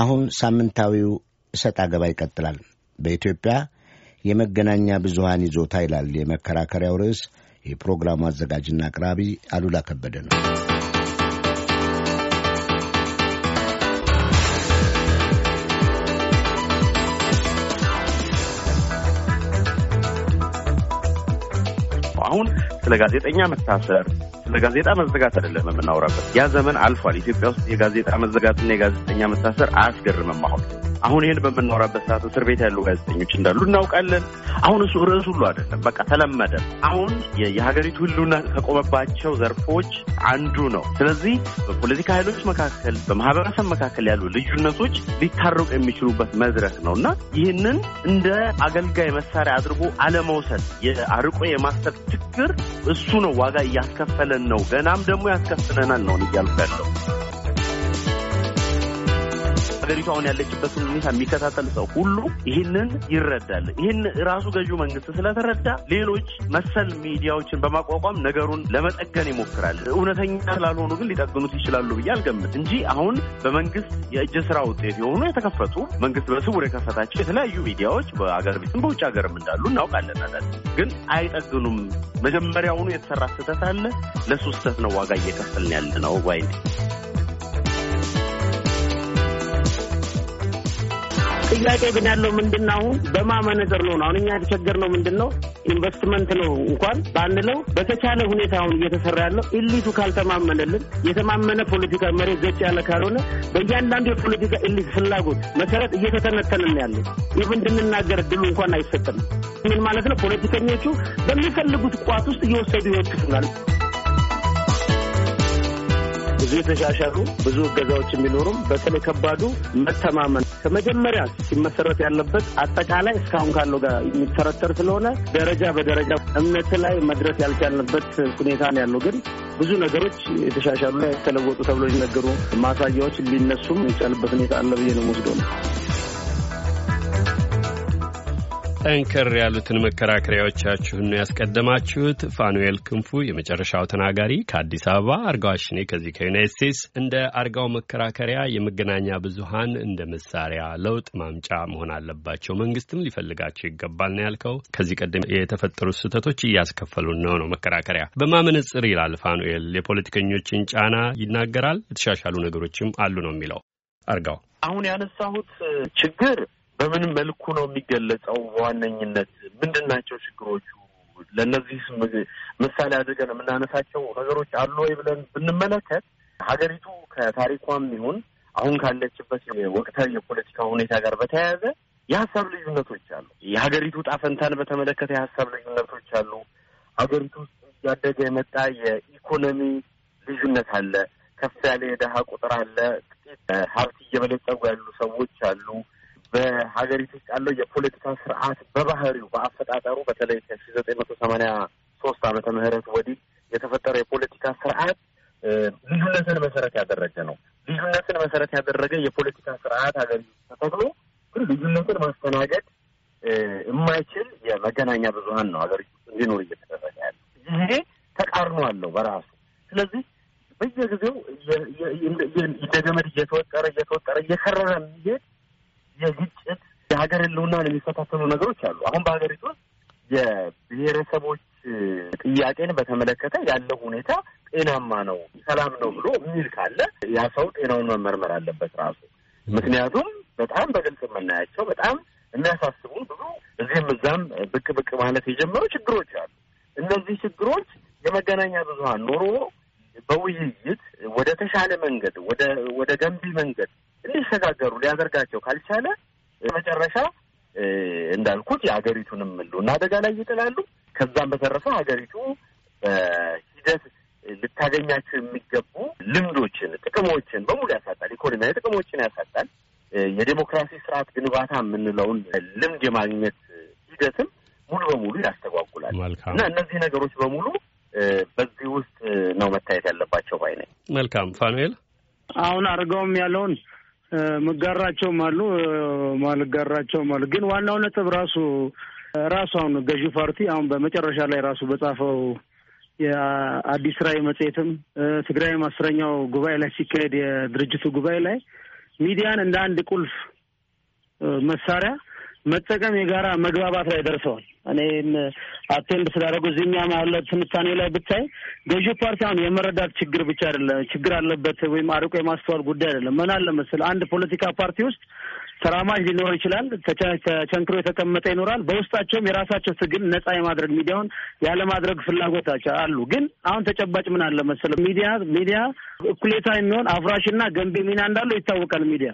አሁን ሳምንታዊው እሰጥ አገባ ይቀጥላል። በኢትዮጵያ የመገናኛ ብዙሃን ይዞታ ይላል የመከራከሪያው ርዕስ። የፕሮግራሙ አዘጋጅና አቅራቢ አሉላ ከበደ ነው። አሁን ስለ ጋዜጠኛ መታሰር ስለ ጋዜጣ መዘጋት አይደለም የምናወራበት። ያ ዘመን አልፏል። ኢትዮጵያ ውስጥ የጋዜጣ መዘጋትና የጋዜጠኛ መታሰር አያስገርምም አሁን አሁን ይህን በምናወራበት ሰዓት እስር ቤት ያሉ ጋዜጠኞች እንዳሉ እናውቃለን። አሁን እሱ ርዕሱ ሁሉ አይደለም፣ በቃ ተለመደ። አሁን የሀገሪቱ ህልውና ከቆመባቸው ዘርፎች አንዱ ነው። ስለዚህ በፖለቲካ ኃይሎች መካከል፣ በማህበረሰብ መካከል ያሉ ልዩነቶች ሊታረቁ የሚችሉበት መድረክ ነው እና ይህንን እንደ አገልጋይ መሳሪያ አድርጎ አለመውሰድ የአርቆ የማሰብ ችግር እሱ ነው ዋጋ እያስከፈለን ነው፣ ገናም ደግሞ ያስከፍለናል ነው እያልኩ ያለው። ሀገሪቱ አሁን ያለችበትን ሁኔታ የሚከታተል ሰው ሁሉ ይህንን ይረዳል። ይህን ራሱ ገዢው መንግስት ስለተረዳ ሌሎች መሰል ሚዲያዎችን በማቋቋም ነገሩን ለመጠገን ይሞክራል። እውነተኛ ስላልሆኑ ግን ሊጠግኑት ይችላሉ ብዬ አልገምት እንጂ አሁን በመንግስት የእጅ ስራ ውጤት የሆኑ የተከፈቱ መንግስት በስውር የከፈታቸው የተለያዩ ሚዲያዎች በአገር ቤትም በውጭ ሀገርም እንዳሉ እናውቃለን። ግን አይጠግኑም። መጀመሪያውኑ የተሰራ ስህተት አለ። ለሱ ስህተት ነው ዋጋ እየከፈልን ያለ ነው ባይ ጥያቄ ግን ያለው ምንድን ነው? አሁን በማመነዘር ነው አሁን እኛ የተቸገር ነው ምንድን ነው ኢንቨስትመንት ነው እንኳን ባንለው በተቻለ ሁኔታ አሁን እየተሰራ ያለው ኢሊቱ ካልተማመነልን የተማመነ ፖለቲካ መሬት ገጭ ያለ ካልሆነ በእያንዳንዱ የፖለቲካ ኢሊት ፍላጎት መሰረት እየተተነተንን ያለ ይህ እንድንናገር እድሉ እንኳን አይሰጥም። ምን ማለት ነው? ፖለቲከኞቹ በሚፈልጉት ቋት ውስጥ እየወሰዱ ይወትፉናል። ብዙ የተሻሻሉ ብዙ እገዛዎች የሚኖሩም በተለይ ከባዱ መተማመን ከመጀመሪያ ሲመሰረት ያለበት አጠቃላይ እስካሁን ካለው ጋር የሚተረተር ስለሆነ ደረጃ በደረጃ እምነት ላይ መድረስ ያልቻልንበት ሁኔታ ነው ያለው። ግን ብዙ ነገሮች የተሻሻሉ የተለወጡ ተብሎ ሊነገሩ ማሳያዎች ሊነሱም የሚቻልበት ሁኔታ አለ ብዬ ነው ወስዶ ነው። ጠንከር ያሉትን መከራከሪያዎቻችሁን ያስቀደማችሁት። ፋኑኤል ክንፉ የመጨረሻው ተናጋሪ ከአዲስ አበባ፣ አርጋው አሽኔ ከዚህ ከዩናይት ስቴትስ። እንደ አርጋው መከራከሪያ የመገናኛ ብዙሃን እንደ መሳሪያ ለውጥ ማምጫ መሆን አለባቸው፣ መንግስትም ሊፈልጋቸው ይገባል ነው ያልከው። ከዚህ ቀደም የተፈጠሩት ስህተቶች እያስከፈሉን ነው ነው መከራከሪያ በማመነጽር ይላል ፋኑኤል። የፖለቲከኞችን ጫና ይናገራል። የተሻሻሉ ነገሮችም አሉ ነው የሚለው አርጋው። አሁን ያነሳሁት ችግር በምን መልኩ ነው የሚገለጸው? በዋነኝነት ምንድን ናቸው ችግሮቹ? ለእነዚህ ምሳሌ አድርገን የምናነሳቸው ነገሮች አሉ ወይ ብለን ብንመለከት ሀገሪቱ ከታሪኳም ይሁን አሁን ካለችበት ወቅታዊ የፖለቲካ ሁኔታ ጋር በተያያዘ የሀሳብ ልዩነቶች አሉ። የሀገሪቱ ጣፈንታን በተመለከተ የሀሳብ ልዩነቶች አሉ። ሀገሪቱ ውስጥ እያደገ የመጣ የኢኮኖሚ ልዩነት አለ። ከፍ ያለ የድሀ ቁጥር አለ። ጥቂት ሀብት እየበለጸጉ ያሉ ሰዎች አሉ። በሀገሪቱ ውስጥ ያለው የፖለቲካ ስርዓት በባህሪው በአፈጣጠሩ በተለይ ከሺ ዘጠኝ መቶ ሰማኒያ ሶስት ዓመተ ምህረት ወዲህ የተፈጠረ የፖለቲካ ስርዓት ልዩነትን መሰረት ያደረገ ነው። ልዩነትን መሰረት ያደረገ የፖለቲካ ስርዓት ሀገሪቱ ተተግሎ ግን ልዩነትን ማስተናገድ የማይችል የመገናኛ ብዙሀን ነው ሀገሪቱ እንዲኖር እየተደረገ ያለ ይሄ ተቃርኖ አለው በራሱ ስለዚህ በየጊዜው እንደገመድ እየተወጠረ እየተወጠረ እየከረረ የሚሄድ የግጭት የሀገር ህልውናን የሚፈታተኑ ነገሮች አሉ። አሁን በሀገሪቱ ውስጥ የብሔረሰቦች ጥያቄን በተመለከተ ያለው ሁኔታ ጤናማ ነው፣ ሰላም ነው ብሎ የሚል ካለ ያ ሰው ጤናውን መመርመር አለበት ራሱ። ምክንያቱም በጣም በግልጽ የምናያቸው በጣም የሚያሳስቡን ብዙ እዚህም እዛም ብቅ ብቅ ማለት የጀመሩ ችግሮች አሉ። እነዚህ ችግሮች የመገናኛ ብዙሀን ኖሮ በውይይት ወደ ተሻለ መንገድ ወደ ገንቢ መንገድ እንዲሸጋገሩ ሊያደርጋቸው ካልቻለ መጨረሻ እንዳልኩት የሀገሪቱንም ህልውና አደጋ ላይ ይጥላሉ። ከዛም በተረፈ ሀገሪቱ በሂደት ልታገኛቸው የሚገቡ ልምዶችን፣ ጥቅሞችን በሙሉ ያሳጣል። ኢኮኖሚያዊ ጥቅሞችን ያሳጣል። የዴሞክራሲ ስርዓት ግንባታ የምንለውን ልምድ የማግኘት ሂደትም ሙሉ በሙሉ ያስተጓጉላል እና እነዚህ ነገሮች በሙሉ በዚህ ውስጥ ነው መታየት ያለባቸው ባይ ነኝ። መልካም ፋኑኤል አሁን አድርገውም ያለውን መጋራቸውም አሉ ማልጋራቸውም አሉ። ግን ዋናው ነጥብ ራሱ ራሱ አሁን ገዢ ፓርቲ አሁን በመጨረሻ ላይ ራሱ በጻፈው የአዲስ ራዕይ መጽሔትም ትግራይም አስረኛው ጉባኤ ላይ ሲካሄድ የድርጅቱ ጉባኤ ላይ ሚዲያን እንደ አንድ ቁልፍ መሳሪያ መጠቀም የጋራ መግባባት ላይ ደርሰዋል። እኔም አቴንድ ስላደረጉ እዚህኛ ማለ ትንታኔ ላይ ብታይ ገዢ ፓርቲ አሁን የመረዳት ችግር ብቻ አይደለም ችግር አለበት ወይም አርቆ የማስተዋል ጉዳይ አይደለም። ምን አለ መሰለህ አንድ ፖለቲካ ፓርቲ ውስጥ ተራማጅ ሊኖር ይችላል፣ ተቸንክሮ የተቀመጠ ይኖራል። በውስጣቸውም የራሳቸው ትግል ነጻ የማድረግ ሚዲያውን ያለማድረግ ፍላጎታቸው አሉ። ግን አሁን ተጨባጭ ምን አለ መሰለህ ሚዲያ ሚዲያ እኩሌታ የሚሆን አፍራሽና ገንቢ ሚና እንዳለው ይታወቃል ሚዲያ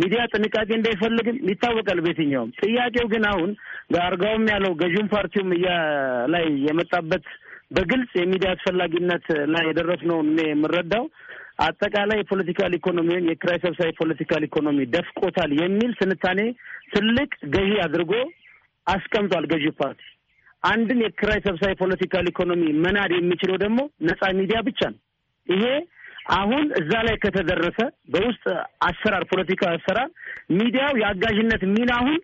ሚዲያ ጥንቃቄ እንዳይፈልግም ይታወቃል። በየትኛውም ጥያቄው ግን አሁን አርጋውም ያለው ገዥም ፓርቲውም እያ ላይ የመጣበት በግልጽ የሚዲያ አስፈላጊነት ላይ የደረስነው እኔ የምረዳው አጠቃላይ የፖለቲካል ኢኮኖሚውን የኪራይ ሰብሳቢ ፖለቲካል ኢኮኖሚ ደፍቆታል የሚል ትንታኔ ትልቅ ገዢ አድርጎ አስቀምጧል። ገዢ ፓርቲ አንድን የኪራይ ሰብሳቢ ፖለቲካል ኢኮኖሚ መናድ የሚችለው ደግሞ ነጻ ሚዲያ ብቻ ነው። ይሄ አሁን እዛ ላይ ከተደረሰ በውስጥ አሰራር ፖለቲካ አሰራር ሚዲያው የአጋዥነት ሚናውን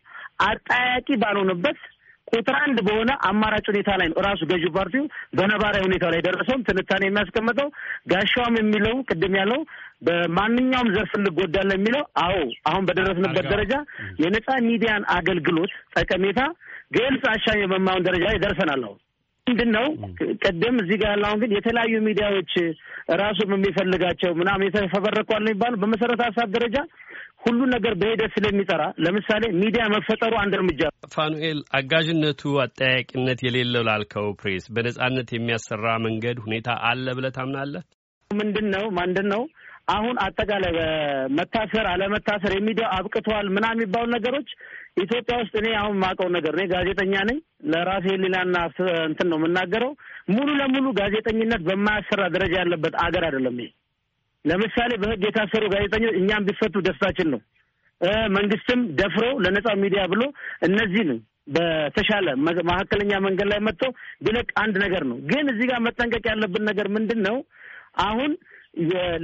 አጠያቂ ባልሆነበት ቁጥር አንድ በሆነ አማራጭ ሁኔታ ላይ ነው እራሱ ፓርቲው በነባራዊ ሁኔታ ላይ ደረሰውም ትንታኔ የሚያስቀምጠው ጋሻውም የሚለው ቅድም ያለው በማንኛውም ዘርፍ እንጎዳለን የሚለው አዎ፣ አሁን በደረስንበት ደረጃ የነፃ ሚዲያን አገልግሎት ጠቀሜታ ግልጽ አሻሚ በማሁን ደረጃ ላይ ደርሰናል አሁን ምንድን ነው ቅድም እዚህ ጋር ያለው ግን የተለያዩ ሚዲያዎች ራሱም የሚፈልጋቸው ምናም የተፈበረኳል ነው የሚባለው። በመሰረተ ሀሳብ ደረጃ ሁሉን ነገር በሂደት ስለሚጠራ ለምሳሌ ሚዲያ መፈጠሩ አንድ እርምጃ። ፋኑኤል አጋዥነቱ አጠያቂነት የሌለው ላልከው ፕሬስ በነጻነት የሚያሰራ መንገድ ሁኔታ አለ ብለህ ታምናለህ? ምንድን ነው ማንድን ነው አሁን አጠቃላይ በመታሰር አለመታሰር የሚዲያው አብቅተዋል ምናም የሚባሉ ነገሮች ኢትዮጵያ ውስጥ እኔ አሁን የማውቀው ነገር እኔ ጋዜጠኛ ነኝ። ለራሴ ሌላና እንትን ነው የምናገረው። ሙሉ ለሙሉ ጋዜጠኝነት በማያሰራ ደረጃ ያለበት አገር አይደለም ይሄ። ለምሳሌ በህግ የታሰሩ ጋዜጠኞች እኛም ቢፈቱ ደስታችን ነው። መንግስትም ደፍሮ ለነጻ ሚዲያ ብሎ እነዚህን በተሻለ መካከለኛ መንገድ ላይ መጥቶ ቢለቅ አንድ ነገር ነው። ግን እዚህ ጋር መጠንቀቅ ያለብን ነገር ምንድን ነው? አሁን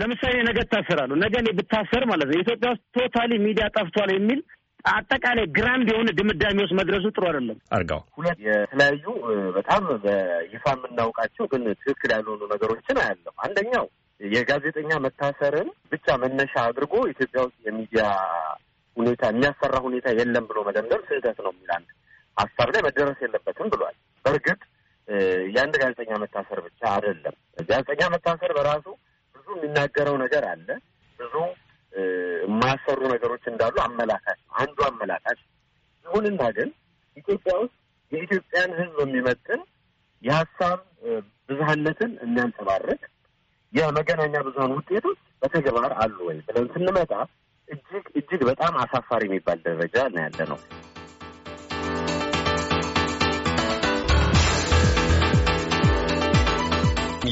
ለምሳሌ ነገ እታሰራለሁ፣ ነገ እኔ ብታሰር ማለት ነው ኢትዮጵያ ውስጥ ቶታሊ ሚዲያ ጠፍቷል የሚል አጠቃላይ ግራንድ የሆነ ድምዳሜ ውስጥ መድረሱ ጥሩ አይደለም። አርጋው ሁለት የተለያዩ በጣም በይፋ የምናውቃቸው ግን ትክክል ያልሆኑ ነገሮችን አያለም። አንደኛው የጋዜጠኛ መታሰርን ብቻ መነሻ አድርጎ ኢትዮጵያ ውስጥ የሚዲያ ሁኔታ የሚያሰራ ሁኔታ የለም ብሎ መደምደም ስህተት ነው የሚል አንድ ሀሳብ ላይ መደረስ የለበትም ብሏል። በእርግጥ የአንድ ጋዜጠኛ መታሰር ብቻ አይደለም። ጋዜጠኛ መታሰር በራሱ ብዙ የሚናገረው ነገር አለ፣ ብዙ የማያሰሩ ነገሮች እንዳሉ አመላካች አንዱ አመላካች። ይሁንና ግን ኢትዮጵያ ውስጥ የኢትዮጵያን ሕዝብ የሚመጥን የሀሳብ ብዝሃነትን የሚያንጸባርቅ የመገናኛ ብዙሀን ውጤቶች በተግባር አሉ ወይ ብለን ስንመጣ እጅግ እጅግ በጣም አሳፋሪ የሚባል ደረጃ ነው ያለ ነው።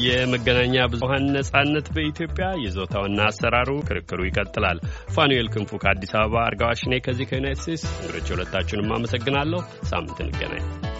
የመገናኛ ብዙሀን ነጻነት በኢትዮጵያ ይዞታውና አሰራሩ ክርክሩ ይቀጥላል። ፋኑኤል ክንፉ ከአዲስ አበባ፣ አርጋዋሽኔ ከዚህ ከዩናይት ስቴትስ እንግዶች ሁለታችሁንም አመሰግናለሁ። ሳምንት እንገናኝ።